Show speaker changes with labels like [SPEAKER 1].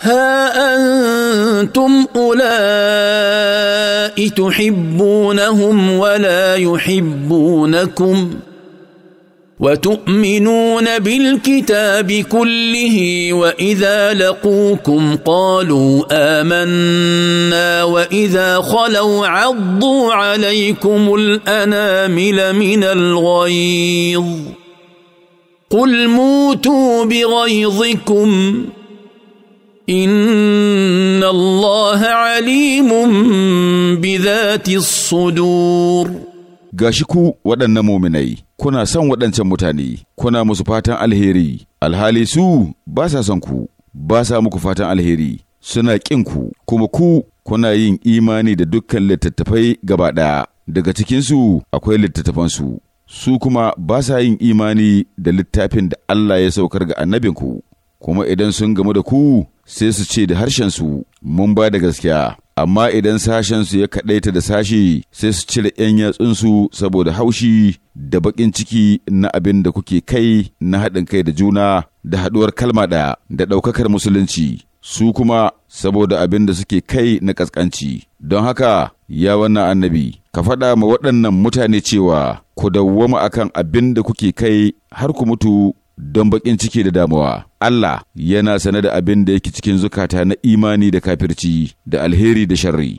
[SPEAKER 1] ها انتم اولئك تحبونهم ولا يحبونكم وتؤمنون بالكتاب كله واذا لقوكم قالوا امنا واذا خلوا عضوا عليكم الانامل من الغيظ قل موتوا بغيظكم ان الله عليم بذات
[SPEAKER 2] الصدور gashi ku waɗannan muminai kuna son waɗancan mutane kuna musu fatan alheri alhali su ba sa son ku ba sa muku fatan alheri suna ƙin ku kuma ku kuna yin imani da dukkan littattafai gaba ɗaya daga cikinsu akwai littattafansu su kuma ba sa yin imani da littafin da Allah ya saukar ga annabinku kuma idan sun gamu da ku sai su ce da harshensu mun ba da gaskiya amma idan sashensu ya kaɗaita da sashi sai su cire 'yan yatsunsu saboda haushi da baƙin ciki na abin da kuke kai na haɗin kai da juna da haɗuwar kalma ɗaya da ɗaukakar musulunci su kuma saboda abin da suke kai na ƙasƙanci don haka ya wannan annabi ka faɗa ma waɗannan mutane cewa ku dawwama akan abin da kuke kai har ku mutu don baƙin ciki da damuwa. Allah yana sane da abin da yake cikin zukata na imani da kafirci da alheri da sharri.